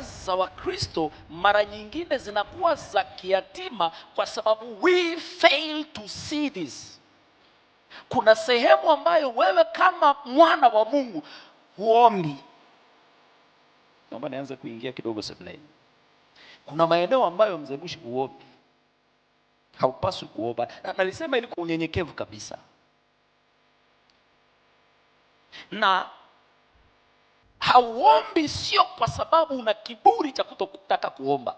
za Wakristo mara nyingine zinakuwa za kiyatima, kwa sababu we fail to see this. Kuna sehemu ambayo wewe kama mwana wa Mungu huombi. Naomba nianze kuingia kidogo sebuleni. Kuna maeneo ambayo mzebushi huombi, haupaswi kuomba, na nalisema ili kwa unyenyekevu kabisa na hauombi sio kwa sababu una kiburi cha kutotaka kuomba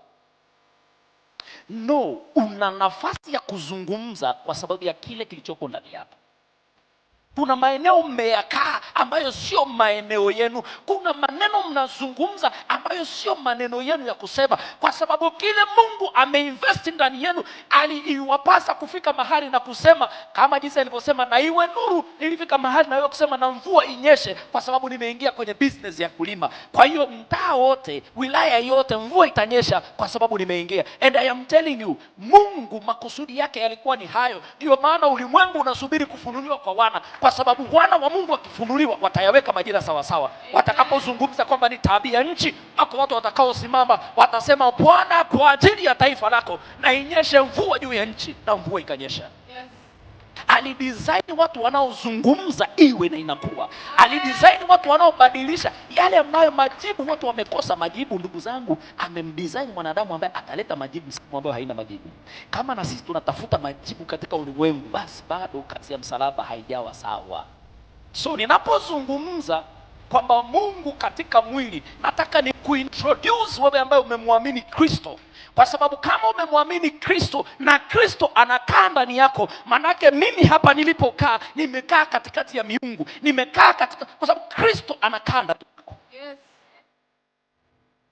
no una nafasi ya kuzungumza kwa sababu ya kile kilichoko ndani yako kuna maeneo mmeyakaa ambayo sio maeneo yenu kuna maneno mnazungumza ambayo sio maneno yenu ya kusema kwa sababu kile mungu ameinvesti ndani yenu aliiwapasa kufika mahali na kusema kama jinsi alivyosema, na iwe nuru. Nilifika mahali na wewe kusema na mvua inyeshe, kwa sababu nimeingia kwenye business ya kulima. Kwa hiyo mtaa wote, wilaya yote, mvua itanyesha kwa sababu nimeingia. And I am telling you, Mungu makusudi yake yalikuwa ni hayo. ndio maana ulimwengu unasubiri kufunuliwa kwa wana, kwa sababu wana wa Mungu wakifunuliwa watayaweka majira sawasawa. Watakapozungumza kwamba ni tabia nchi, wako watu watakaosimama watasema, Bwana, kwa ajili ya taifa lako na inyeshe mvua mvua juu ya nchi na mvua ikanyesha. Yes. Alidesign watu wanaozungumza iwe na inakuwa. Alidesign watu wanaobadilisha yale ambayo majibu watu wamekosa majibu. Ndugu zangu, amemdesign mwanadamu ambaye ataleta majibu siku ambayo haina majibu. Kama na sisi tunatafuta majibu katika ulimwengu, basi bado kazi ya msalaba haijawa sawa. So ninapozungumza kwamba Mungu katika mwili, nataka ni kuintroduce wewe ambaye umemwamini Kristo kwa sababu kama umemwamini Kristo na Kristo anakaa ndani yako, manake mimi hapa nilipokaa nimekaa katikati ya miungu, nimekaa katika, kwa sababu Kristo anakaa ndani